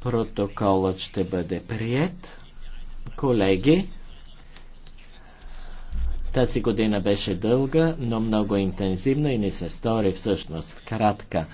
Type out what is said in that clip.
Протоколът ще бъде прият. Колеги, тази година беше дълга, но много интензивна и ни се стори всъщност кратка.